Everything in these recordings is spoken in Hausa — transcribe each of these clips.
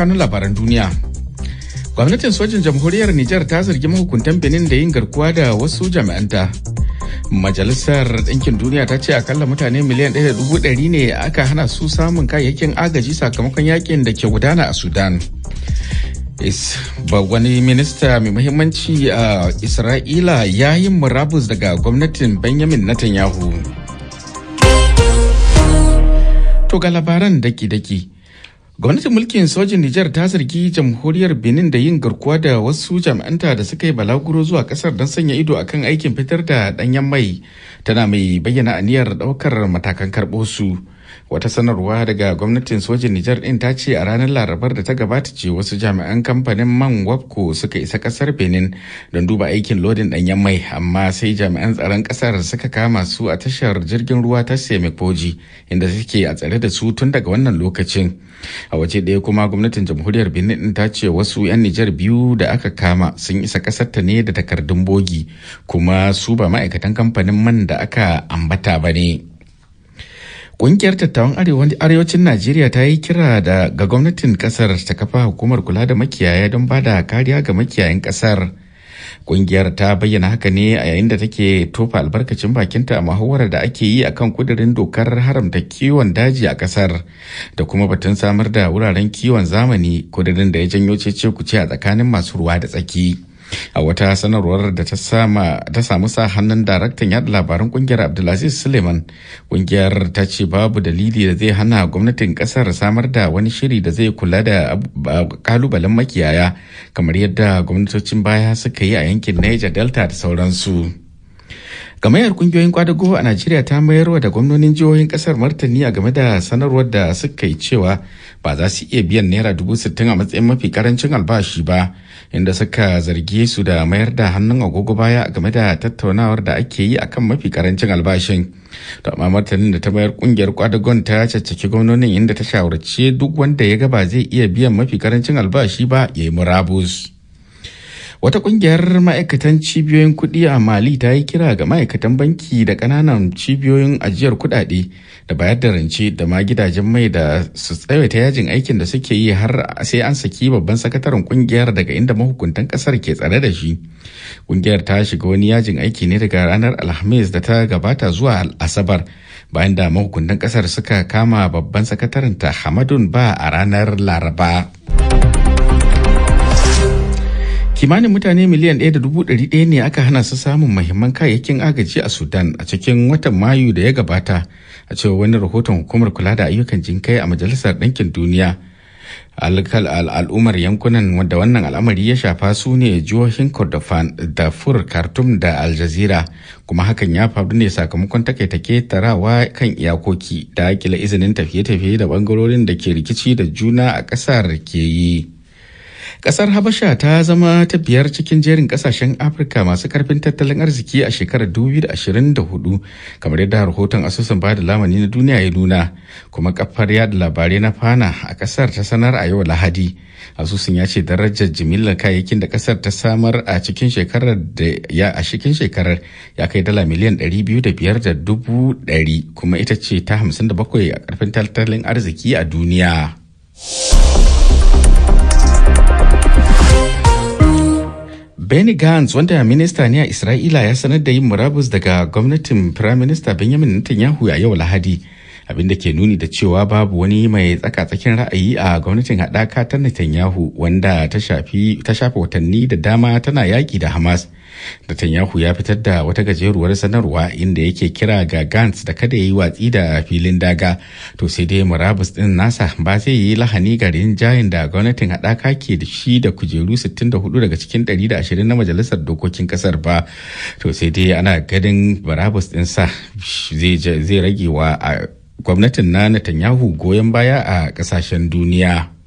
kanun labaran duniya. Gwamnatin sojin jamhuriyar Nijar ta zargi mahukuntan Benin da yin garkuwa da wasu jami'anta. Majalisar Ɗinkin Duniya ta ce akalla mutane miliyan ɗaya da dubu ɗari ne aka hana su samun kayayyakin agaji sakamakon yakin da ke gudana a Sudan. wani minista mai muhimmanci a isra'ila ya yi murabus daga gwamnatin benjamin netanyahu to ga labaran daki-daki gwamnatin mulkin sojin nijar ta zargi jamhuriyar benin da yin garkuwa da wasu jami'anta da suka yi balaguro zuwa kasar don sanya ido a kan aikin fitar da ɗanyen mai tana mai bayyana aniyar ɗaukar matakan karɓo su wata sanarwa daga gwamnatin sojin nijar din ta ce a ranar larabar da ta gabata ce wasu jami'an kamfanin man wapco suka isa kasar benin don duba aikin lodin danyen mai amma sai jami'an tsaron kasar suka kama su a tashar jirgin ruwa ta semikoji inda suke a tsare da su tun daga wannan lokacin a waje ɗaya kuma gwamnatin jamhuriyar benin din ta ce wasu 'yan nijar biyu da aka kama sun isa kasar ta ne da takardun bogi kuma su ba ma'aikatan kamfanin man da aka ambata ba ne. Ƙungiyar tattawan arewacin Najeriya ta yi kira da ga gwamnatin ƙasar ta kafa hukumar kula da makiyaya don ba da kariya ga makiyayan ƙasar. Ƙungiyar ta bayyana haka ne a yayin da take tofa albarkacin bakinta a muhawarar da ake yi akan kudirin dokar haramta kiwon daji a ƙasar da kuma batun samar da wuraren kiwon zamani kudirin da ya janyo cece kuce a tsakanin masu ruwa da tsaki. a wata sanarwar da ta samu sa hannun daraktan yada labaran kungiyar abdulaziz suleiman kungiyar ta ce babu dalili da zai hana gwamnatin kasar samar da wani shiri da zai kula da kalubalen makiyaya kamar yadda gwamnatocin baya suka yi a yankin niger delta da sauransu Gamayyar kungiyoyin kwadago a Najeriya ta mayarwa da gwamnonin jihohin kasar martani a game da sanarwar da suka yi cewa ba za su iya biyan naira dubu sittin a matsayin mafi karancin albashi ba inda suka zarge su da mayar da hannun agogo baya game da tattaunawar da ake yi akan mafi karancin albashin. To amma martanin da ta mayar kungiyar kwadagon ta caccaki gwamnonin inda ta shawarci duk wanda ya ga ba zai iya biyan mafi karancin albashi ba ya yi murabus. Wata ƙungiyar ma'aikatan cibiyoyin kuɗi a Mali ta yi kira ga ma'aikatan banki da ƙananan cibiyoyin ajiyar kuɗaɗe da bayar da rance da ma gidajen mai da su tsawaita yajin aikin da suke yi har sai an saki babban sakataren ƙungiyar daga inda mahukuntan ƙasar ke tsare da shi. Ƙungiyar ta shiga wani yajin aiki ne daga ranar Alhamis da ta gabata zuwa Asabar bayan da mahukuntan ƙasar suka kama babban sakataren ta Hamadun Ba a ranar Laraba. kimanin mutane miliyan 1.1 ɗaya ne aka hana su samun mahimman kayayyakin agaji a sudan a cikin watan mayu da ya gabata a cewa wani rahoton hukumar kula da ayyukan jinkai a majalisar ɗankin duniya al'ummar yankunan wadda wannan al'amari ya shafa su ne jihohin kordofan da fur khartoum da aljazira kuma hakan ya faru ne sakamakon takaitake tarawa kan iyakoki da akila izinin tafiye-tafiye da bangarorin da ke rikici da juna a ƙasar ke yi. Kasar Habasha ta zama ta biyar cikin jerin kasashen Afirka masu karfin tattalin arziki a shekarar 2024 kamar yadda rahoton asusun bada lamani na duniya ya nuna kuma kafar yada labarai na fana a kasar ta sanar a yau Lahadi. Asusun ya ce darajar jimillar kayayyakin da kasar ta samar a cikin shekarar da ya a cikin shekarar ya kai dala miliyan 205 kuma ita ce ta 57 a karfin tattalin arziki a duniya. Benny Gantz wanda minista ne a Isra'ila ya sanar da yin murabus daga gwamnatin Firaminista Benjamin Netanyahu a yau Lahadi. abinda ke nuni da cewa babu wani mai tsaka-tsakin ra'ayi a gwamnatin haɗaka ta Netanyahu wanda ta shafi watanni da dama tana yaƙi da Hamas Netanyahu ya fitar da wata gajeruwar sanarwa inda yake kira ga Gantz da kada ya yi watsi da filin daga to sai dai murabus din nasa ba zai yi lahani ga rinjayen da gwamnatin haɗaka ke da shi da kujeru 64 daga cikin 120 na majalisar dokokin kasar ba to sai dai ana gadin murabus din sa zai ragewa wa gwamnatin na Netanyahu goyon baya a ƙasashen duniya.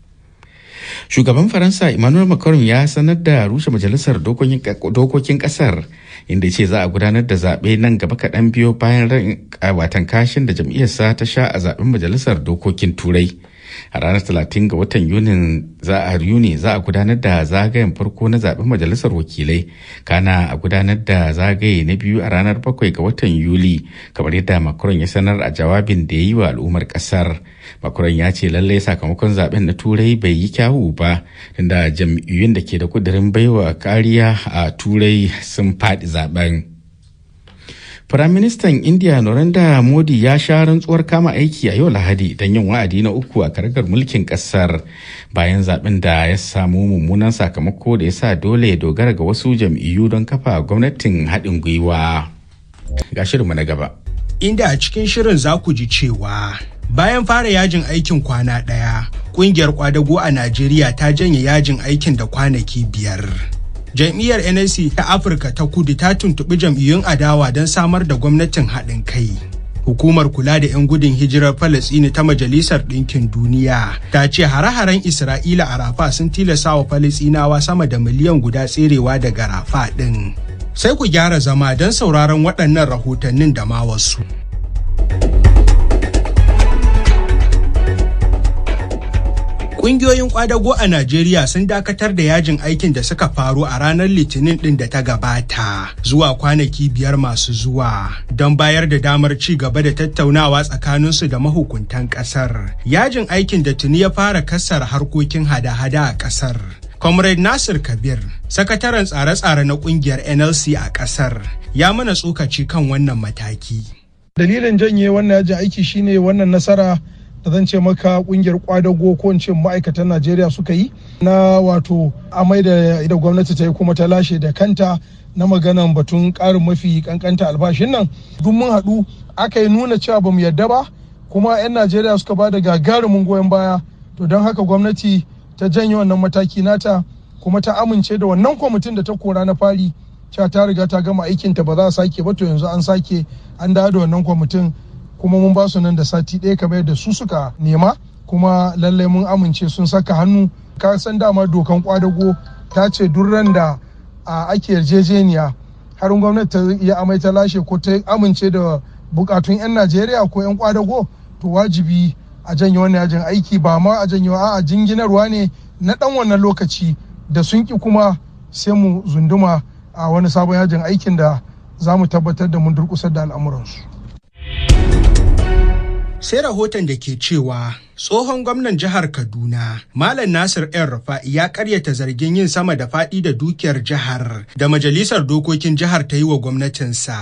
shugaban faransa emmanuel macron ya sanar da rushe majalisar dokokin kasar inda ce za a gudanar da zaɓe nan gaba kaɗan biyo bayan watan kashin da jam'iyyarsa ta sha a zaɓen majalisar dokokin turai a ranar 30 ga watan Yuni za a yuni za a gudanar da zagayen farko na zaɓen majalisar wakilai kana a gudanar da zagaye na biyu a ranar 7 ga watan yuli kamar yadda macron ya sanar a jawabin da ya yi wa al'ummar ƙasar makron ya ce lallai sakamakon zaben na turai bai yi kyawu ba tunda jam'iyyun da ke da kudirin baiwa kariya a turai sun faɗi zaben Firaministan indiya Narendra Modi ya sha rantsuwar kama aiki a yau Lahadi don yin wa'adi na uku a karagar mulkin kasar bayan zaɓen da ya samu mummunan sakamako da ya sa dole ya dogara ga wasu jam'iyyu don kafa gwamnatin haɗin gwiwa. Ga shirinmu na gaba. Inda a cikin shirin za ku ji cewa bayan fara yajin aikin kwana ɗaya, ƙungiyar kwadago a Najeriya ta janye yajin aikin da kwanaki biyar. jam'iyyar nsc ta afirka ta kudu ta tuntuɓi jam'iyyun adawa don samar da gwamnatin haɗin kai hukumar kula da 'yan gudun hijirar falasini ta majalisar ɗinkin duniya ta ce hare-haren isra'ila a rafa sun tilasa wa falasinawa sama da miliyan guda tserewa daga rafa ɗin sai ku gyara zama don sauraron waɗannan rahotannin da ma wasu Ƙungiyoyin ƙwadago a Najeriya sun dakatar da yajin aikin da suka faru a ranar Litinin ɗin da ta gabata zuwa kwanaki biyar masu zuwa don bayar da damar ci gaba da tattaunawa tsakaninsu da mahukuntan ƙasar. Yajin aikin da tuni ya fara kasar harkokin hada-hada a ƙasar. Comrade Nasir Kabir, sakataren tsare-tsare na ƙungiyar NLC a ƙasar, ya mana tsokaci kan wannan mataki. Dalilin janye wannan yajin aiki shine wannan nasara da zan ce maka kungiyar kwadago ko in ce ma'aikatan najeriya suka yi na wato amai da idan gwamnati ta yi kuma ta lashe da kanta na maganan batun karin mafi kankanta albashin nan duk mun haɗu aka yi nuna cewa ba mu yarda ba kuma 'yan najeriya suka ba da gagarumin goyon baya to don haka gwamnati ta janye wannan mataki nata kuma ta amince da wannan kwamitin da ta kora na fari cewa ta riga ta gama aikinta ba za a sake ba to yanzu an sake an dawo da wannan kwamitin kuma mun ba su nan da sati ɗaya kamar yadda su suka nema kuma lallai mun amince sun saka hannu ka san dama dokan kwadago ta ce durran da ake yarjejeniya har gwamnati ta iya amai ta lashe ko ta amince da bukatun 'yan najeriya ko 'yan kwadago to wajibi a janye wannan yajin aiki ba ma a janye a jinginarwa ne na dan wannan lokaci da sun ki kuma sai mu zunduma a wani sabon yajin aikin da za mu tabbatar da mun durkusar da al'amuransu sai rahoton da ke cewa tsohon gwamnan jihar kaduna malam nasir yan rufa'i ya karyata zargin yin sama da faɗi da dukiyar jihar da majalisar dokokin jihar ta yi wa gwamnatinsa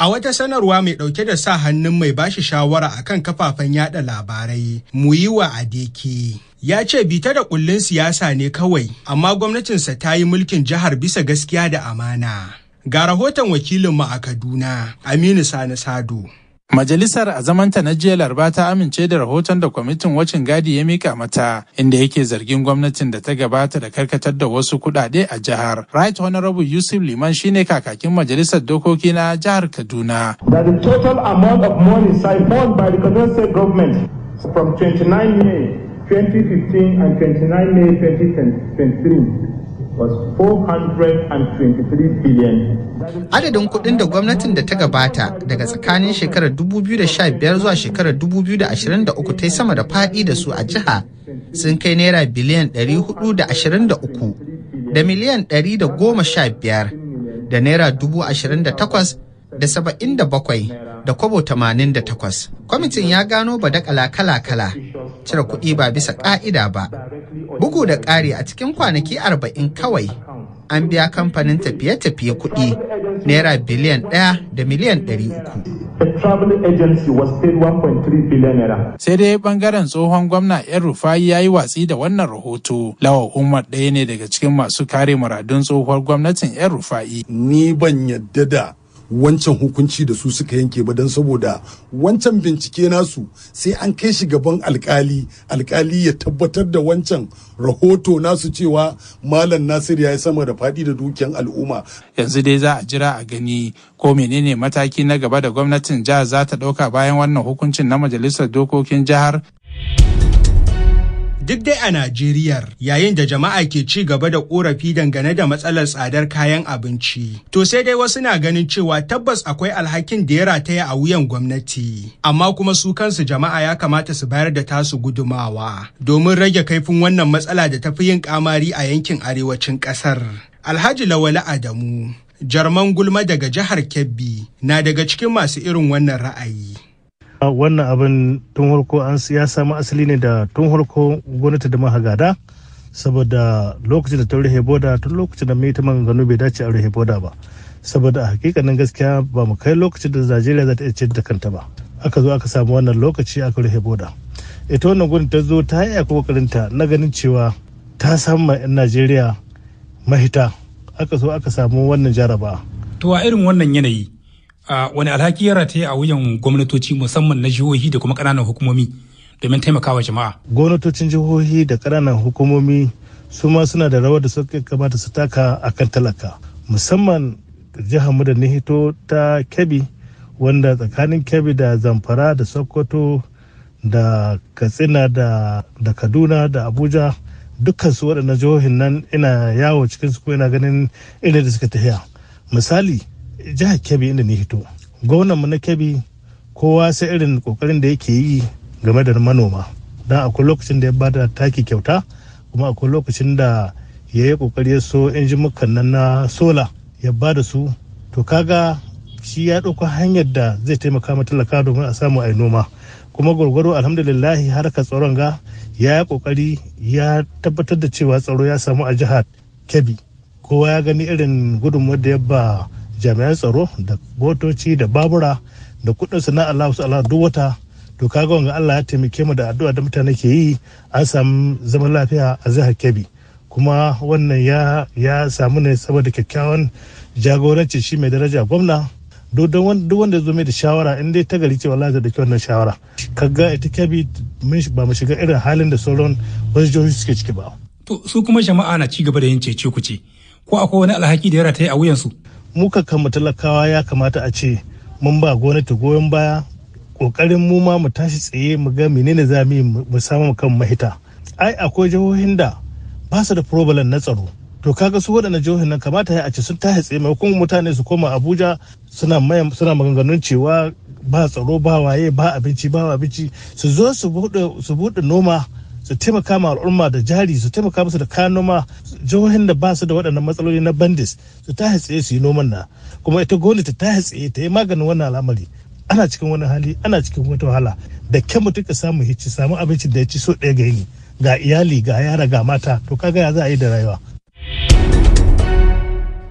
a wata sanarwa mai ɗauke da sa hannun mai bashi shawara a kan kafafen yada labarai muyiwa adeke ya ce bita da kullun siyasa ne kawai amma gwamnatinsa ta yi mulkin jihar bisa gaskiya da amana ga rahoton wakilinmu a kaduna aminu sani sado Majalisar a zamanta na jiya Laraba ta amince da rahoton da kwamitin wacin gadi ya mika mata inda yake zargin gwamnatin da ta gabata da karkatar da wasu kuɗaɗe a jihar. Right Honorable Yusuf Liman shine kakakin majalisar dokoki na jihar Kaduna. That the total amount of money siphoned by the Kaduna state government from 29 May 2015 and 29 May 2023 Adadin kuɗin da gwamnatin da ta gabata daga tsakanin shekarar 2015 zuwa shekarar 2023 ta yi sama da faɗi da su a jiha sun kai naira biliyan 423 da miliyan 115 da naira 28 da 77 da kwabo 88. Kwamitin ya gano ba da kala-kala, cire kuɗi ba bisa ƙa'ida ba, Bugu da ƙari a cikin kwanaki arba'in kawai an biya kamfanin tafiye-tafiye kuɗi naira biliyan ɗaya da miliyan ɗari uku. Sai dai bangaren tsohon gwamna ‘yan Rufai ya yi watsi da wannan rahoto. Lawa Umar ɗaya ne daga cikin masu kare muradun tsohuwar gwamnatin ‘yan Rufai. Ni ban yadda da wancan hukunci da su suka yanke ba don saboda wancan bincike nasu sai an kai shi gaban alkali alkali ya tabbatar da wancan rahoto nasu cewa malam nasir ya yi sama da fadi da dukiyan al'umma yanzu dai za a jira a gani ko menene mataki na gaba da gwamnatin jihar za ta ɗauka bayan wannan hukuncin na majalisar dokokin jihar duk dai a Najeriya yayin da jama'a ke ci gaba da korafi dangane da matsalar tsadar kayan abinci. To sai dai wasu na ganin cewa tabbas akwai alhakin da ya rataya a wuyan gwamnati, amma kuma su kansu jama'a ya kamata su bayar da tasu gudumawa domin rage kaifin wannan matsala da ta fi yin kamari a yankin arewacin ƙasar. Alhaji lawala Adamu, jarman gulma daga jihar Kebbi, na daga cikin masu irin wannan ra'ayi. wannan abin tun harko an ya samu asali ne da tun harko gwamnati da mahagada saboda lokacin da ta rufe boda tun lokacin da mai ta maganganu bai dace a rufe boda ba saboda a hakikanin gaskiya ba mu kai lokacin da najeriya za ta iya da kanta ba aka zo aka samu wannan lokaci aka rufe boda ita wannan gwamnati ta zo ta yi ta na ganin cewa ta samu 'yan najeriya mahita aka zo aka samu wannan jaraba to a irin wannan yanayi A wani alhaki ya rataye a wuyan gwamnatoci musamman na jihohi da kuma ƙananan hukumomi domin taimakawa jama'a. Gwamnatocin jihohi da ƙananan hukumomi su ma suna da rawar da suka kamata su taka a kan talaka musamman jihar mu da nihito ta kebbi wanda tsakanin kebbi da zamfara da sokoto da katsina da, da kaduna da abuja dukkan su waɗannan jihohin nan ina yawo cikin su ko ina ganin irin da suka tafiya misali jihar kebbi inda ni hito gwamnanmu na kebbi kowa sai irin kokarin da yake yi game da manoma don akwai lokacin da ya bada taki kyauta kuma akwai lokacin da ya yi kokari ya so injimukan nan na sola ya bada su to kaga shi ya ɗauko hanyar da zai taimaka ma talaka domin a samu a noma kuma gwargwaro alhamdulillahi harkar tsaron ga ya yi kokari ya tabbatar da cewa tsaro ya samu a jihar kebbi kowa ya gani irin gudunmuwar da ya ba jami'an tsaro da motoci da babura da kudin su na Allah su Allah duk wata to kaga wanga Allah ya taimake mu da addu'a da mutane ke yi an samu zaman lafiya a zahar kebi kuma wannan ya ya samu ne saboda kyakkyawan jagoranci shi mai daraja gwamna duk wanda zo mai da shawara in dai ta gari cewa da da wannan shawara kaga ita Kebbi ba mu shiga irin halin da sauran wasu jihohi suke ciki ba to su kuma jama'a na ci gaba da yin ku ce ko akwai wani alhaki da ya yi a wuyansu muka mu talakawa ya kamata a ce mun ba gwamnati goyon baya kokarin mu ma mu tashi tsaye mu ga menene za mu yi mu samu kan mahita ai akwai jihohin da ba su da problem na tsaro to kaga su waɗanda jihohin nan kamata ya a ce sun tashi tsaye maimakon mutane su koma abuja suna suna maganganun cewa ba tsaro ba waye ba abinci ba abinci su zo su buɗe noma su taimaka ma al'umma da jari su taimaka musu da kayan noma jihohin da ba su da waɗannan matsaloli na bandis su ta hatsaye su yi noman na kuma ita gwamnati ta hatsaye ta yi maganin wannan al'amari ana cikin wani hali ana cikin wata wahala da ke mutum ka samu hici samu abincin da ya ci so ɗaya ga yini ga iyali ga yara ga mata to kaga ya za a yi da rayuwa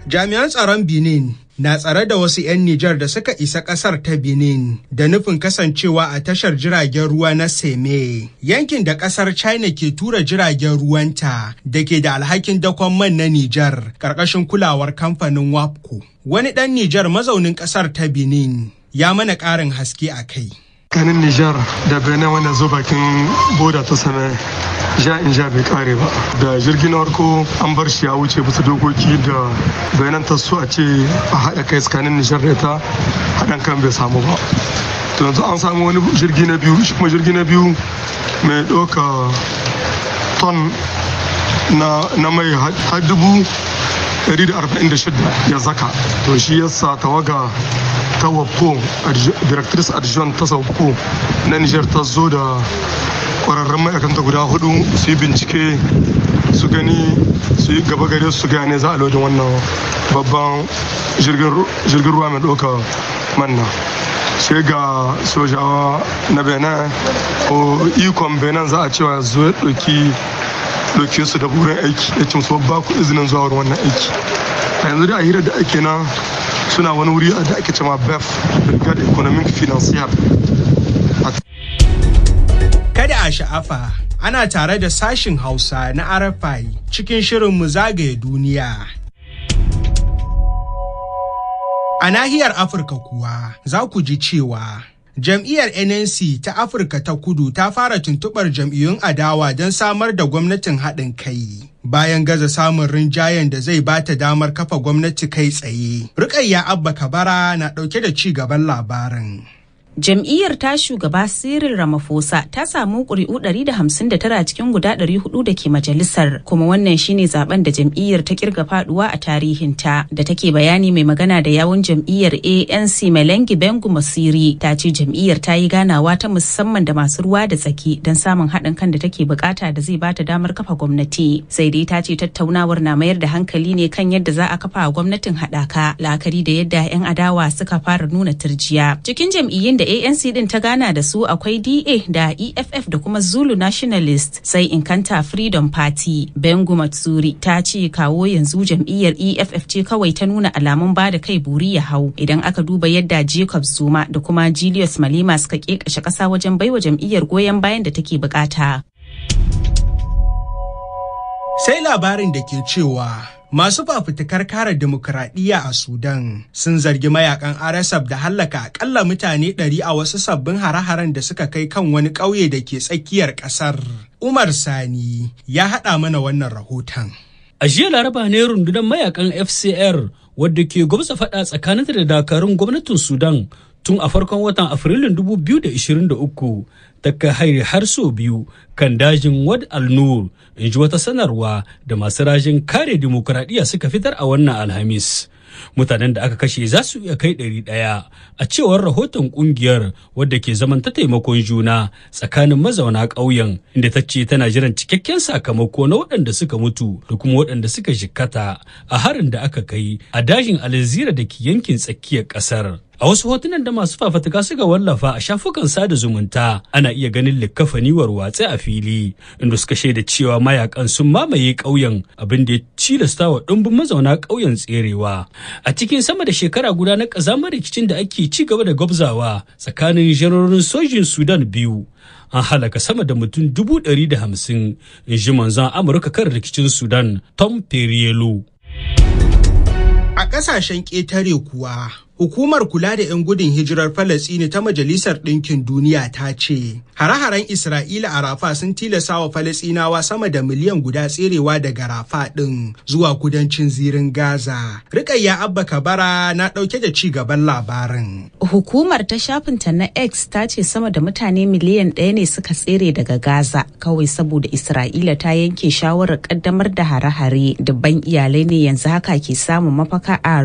jami'an tsaron benin na tsare da wasu 'yan Nijar da suka isa ƙasar ta Benin da nufin kasancewa a tashar jiragen ruwa na Seme. Yankin da ƙasar China ke tura jiragen ruwanta da ke da alhakin dakon man na Nijar ƙarƙashin kulawar kamfanin WAPCO. Wani ɗan Nijar mazaunin ƙasar ta Benin ya mana ƙarin haske a kai. tsakanin nijar da benin wanda zo bakin boda ta sana ja in ja bai kare ba da jirgin farko an bar shi a wuce bisa dokoki da benin ta so a ce a haɗa kai tsakanin nijar da ta haɗan kan bai samu ba to yanzu an samu wani jirgi na biyu shi kuma jirgi na biyu mai ɗauka ton na mai har dubu 146 ya zaka to shi yasa tawaga ta wapco directrice adjoint ta sauko na niger ta zo da kwararren ma'aikanta guda hudu su yi bincike su gani su yi gaba gare su gane za a lodin wannan babban jirgin ruwa mai ɗauka manna sai ga sojawa na benin ko ikon benin za a cewa zo ya ɗauki doki su da burin aiki ya cin su babba ku izinin zuwa wannan aiki a yanzu da a hirar da ake nan suna wani wuri da ake cewa bef brigade economic financier kada a sha'afa ana tare da sashin hausa na arafai cikin shirin mu zagaye duniya a nahiyar afirka kuwa za ku ji cewa Jam'iyyar NNC ta Afirka ta Kudu ta fara tuntuɓar jam'iyyun adawa don samar da gwamnatin haɗin kai. Bayan gaza samun rinjayen da zai bata damar kafa gwamnati kai tsaye, Rukayya Abba Kabara na ɗauke da ci gaban labarin. Jam'iyyar ta shugaba Cyril Ramaphosa ta samu ƙuri'u 159 cikin guda 400 da ke majalisar kuma wannan shine zaben da jam'iyyar ta kirga faduwa a tarihinta da take bayani mai magana da yawun jam'iyyar ANC Melengi Bengu Masiri ta ce jam'iyyar ta yi ganawa ta musamman da masu ruwa da tsaki don samun haɗin kan da take bukata da zai bata damar kafa gwamnati sai dai ta ce tattaunawar na mayar da hankali ne kan yadda za a kafa gwamnatin haɗaka la'akari da yadda 'yan adawa suka fara nuna turjiya cikin jam'iyyun da anc din ta gana da su akwai da da e eff da kuma zulu nationalist sai inkanta freedom party bengu matsuri ta ce kawo yanzu jam'iyyar eff ce kawai ta nuna alamun ba da kai buri ya hau idan aka duba yadda jacob zuma da kuma julius malema suka kekashe kasa wajen baiwa jam'iyyar goyon bayan da take bukata sai labarin da ke cewa Masu fafutukar kare demokuraɗiyya a Sudan sun zargi mayakan RSF da hallaka akalla mutane ɗari a wasu sabbin hare-haren da suka kai kan wani ƙauye da ke tsakiyar ƙasar. Umar Sani ya haɗa mana wannan rahoton. A jiya Laraba ne rundunar mayakan FCR wadda ke gwamsa faɗa tsakaninta da dakarun gwamnatin Sudan tun a farkon watan afrilun 2023 ta ka haire har sau biyu kan dajin wad al-nur in ji wata sanarwa da masu rajin kare dimokuraɗiyya suka fitar a wannan alhamis mutanen da aka kashe za su iya kai ɗari ɗaya a cewar rahoton ƙungiyar wadda ke zaman ta taimakon juna tsakanin mazauna ƙauyen inda ta ce tana jiran cikakken sakamako na waɗanda suka mutu da kuma waɗanda suka jikkata a harin da aka kai a dajin alzira da ke yankin tsakiyar ƙasar A wasu hotunan da masu fafatuka suka wallafa a shafukan sada zumunta ana iya ganin likkafani warwatse a fili inda suka shaida cewa mayakan sun mamaye ƙauyen abin da ya cilasta wa ɗumbin mazauna ƙauyen tserewa. A cikin sama da shekara guda na ƙazamar rikicin da ake ci gaba da gwabzawa tsakanin janarorin sojin Sudan biyu. an halaka sama da mutum dubu ɗari da hamsin in ji manzan amurka kan rikicin sudan tom perielo a ƙasashen ƙetare kuwa Hukumar kula da 'yan gudun hijirar Falasini ta Majalisar Ɗinkin Duniya ta ce, hare-haren Isra'ila a Rafa sun tilasawa wa Falasinawa sama da miliyan guda tserewa daga Rafa ɗin zuwa kudancin zirin Gaza. Rikayya Abba Kabara na ɗauke da ci gaban labarin. Hukumar ta shafinta na X ta ce sama da mutane miliyan ɗaya ne suka tsere daga Gaza kawai saboda Isra'ila ta yanke shawarar ƙaddamar da hare-hare. Dubban iyalai ne yanzu haka ke samun mafaka a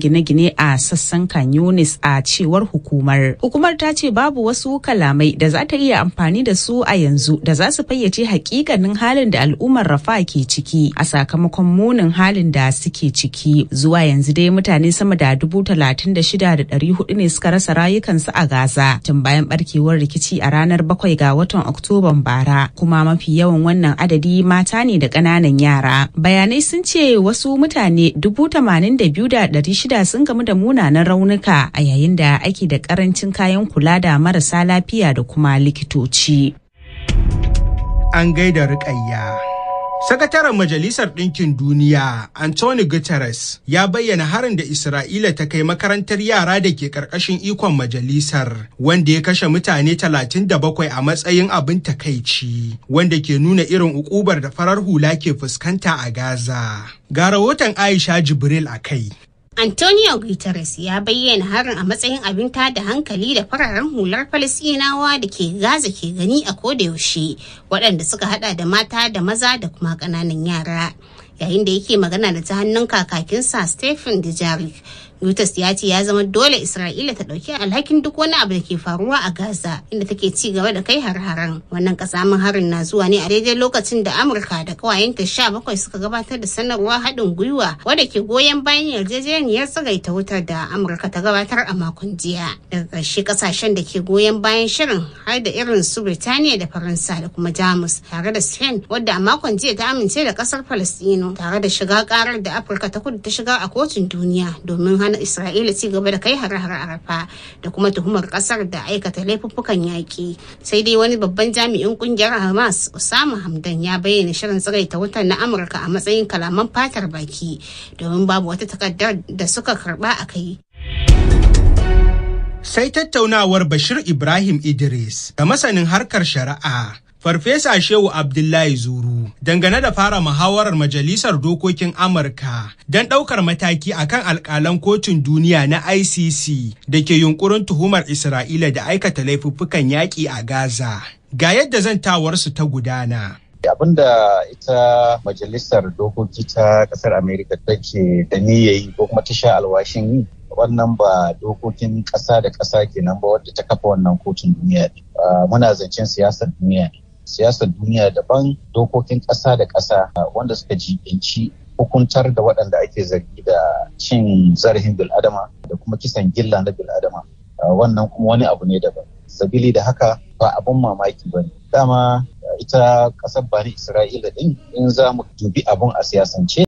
gine-gine a sassan kanyonis a cewar hukumar. Hukumar ta ce babu wasu kalamai da za ta iya amfani da su a yanzu da za su fayyace hakikanin halin da al'ummar Rafa ke ciki a sakamakon munin halin da suke ciki. Zuwa yanzu dai mutane sama da dubu talatin da shida da dari hudu ne suka rasa rayukansu a Gaza tun bayan barkewar rikici a ranar bakwai ga watan Oktoban bara kuma mafi yawan wannan adadi mata ne da kananan yara. Bayanai sun ce wasu mutane dubu tamanin da biyu da dari shida sun gamu da munanan na raunuka a yayin da ake da karancin kayan kula da marasa lafiya da kuma likitoci. An gaida riƙayya. Sakataren Majalisar Ɗinkin Duniya, Anthony Guterres, ya bayyana harin da Isra'ila ta kai makarantar yara da ke ƙarƙashin ikon majalisar, wanda ya kashe mutane 37 a matsayin abin takaici, wanda ke nuna irin ukubar da farar hula ke fuskanta a Gaza. Ga rahoton Aisha Jibril a kai. Antonio Guterres ya bayyana harin a matsayin abin da hankali da fararen hular Falasinawa da ke Gaza ke gani a kodayaushe waɗanda suka hada da mata da maza da kuma ƙananan yara. Yayin da yake magana da ta hannun kakakinsa Stephen Dujarric Reuters ya ce ya zama dole Isra'ila ta ɗauki alhakin duk wani abu da ke faruwa a Gaza inda take ci gaba da kai har-haren. Wannan kasamin harin na zuwa ne a daidai lokacin da Amurka da kawayenta sha bakwai suka gabatar da sanarwa haɗin gwiwa wadda ke goyon bayan yarjejeniyar tsagaita wutar da Amurka ta gabatar a makon jiya. Daga ƙarshe ƙasashen da ke goyon bayan shirin har da irin su Birtaniya da Faransa da kuma Jamus tare da Spain wadda a makon jiya ta amince da ƙasar Falastinu tare da shiga ƙarar da Afirka ta kudu ta shiga a kotun duniya domin hana na Isra'ila ci gaba da kai hare-hare Arafa da kuma tuhumar kasar da aikata laifuffukan yaƙi. Sai dai wani babban jami'in kungiyar Hamas Osama Hamdan ya bayyana shirin tsiraita wutar na Amurka a matsayin kalaman fatar baki domin babu wata takardar da suka karba a kai. Sai tattaunawar Bashir Ibrahim Idris da masanin harkar shari'a Farfesa Shehu Abdullahi Zuru dangane da fara muhawarar Majalisar Dokokin Amurka don ɗaukar mataki a kan alƙalan kotun duniya na ICC da ke yunkurin tuhumar Isra'ila da aikata laifuffukan yaƙi a Gaza. Ga yadda zantawarsu ta gudana. Abin da ita majalisar dokoki ta ƙasar Amerika ta ke da niyayi ko kuma ta sha alwashin yi wannan ba dokokin ƙasa da ƙasa kenan ba wadda ta kafa wannan kotun duniya ah, muna zancen siyasar duniya ne siyasar duniya daban dokokin ƙasa da ƙasa ah, wanda suka jibinci hukuntar da waɗanda ake zargi da cin zarafin bil'adama da kuma kisan gilla na bil'adama ah, wannan kuma wani abu ne daban sabili da haka ba abun mamaki ba ne dama ah, ita ƙasar bani isra'ila ɗin in za mu dubi abun a siyasance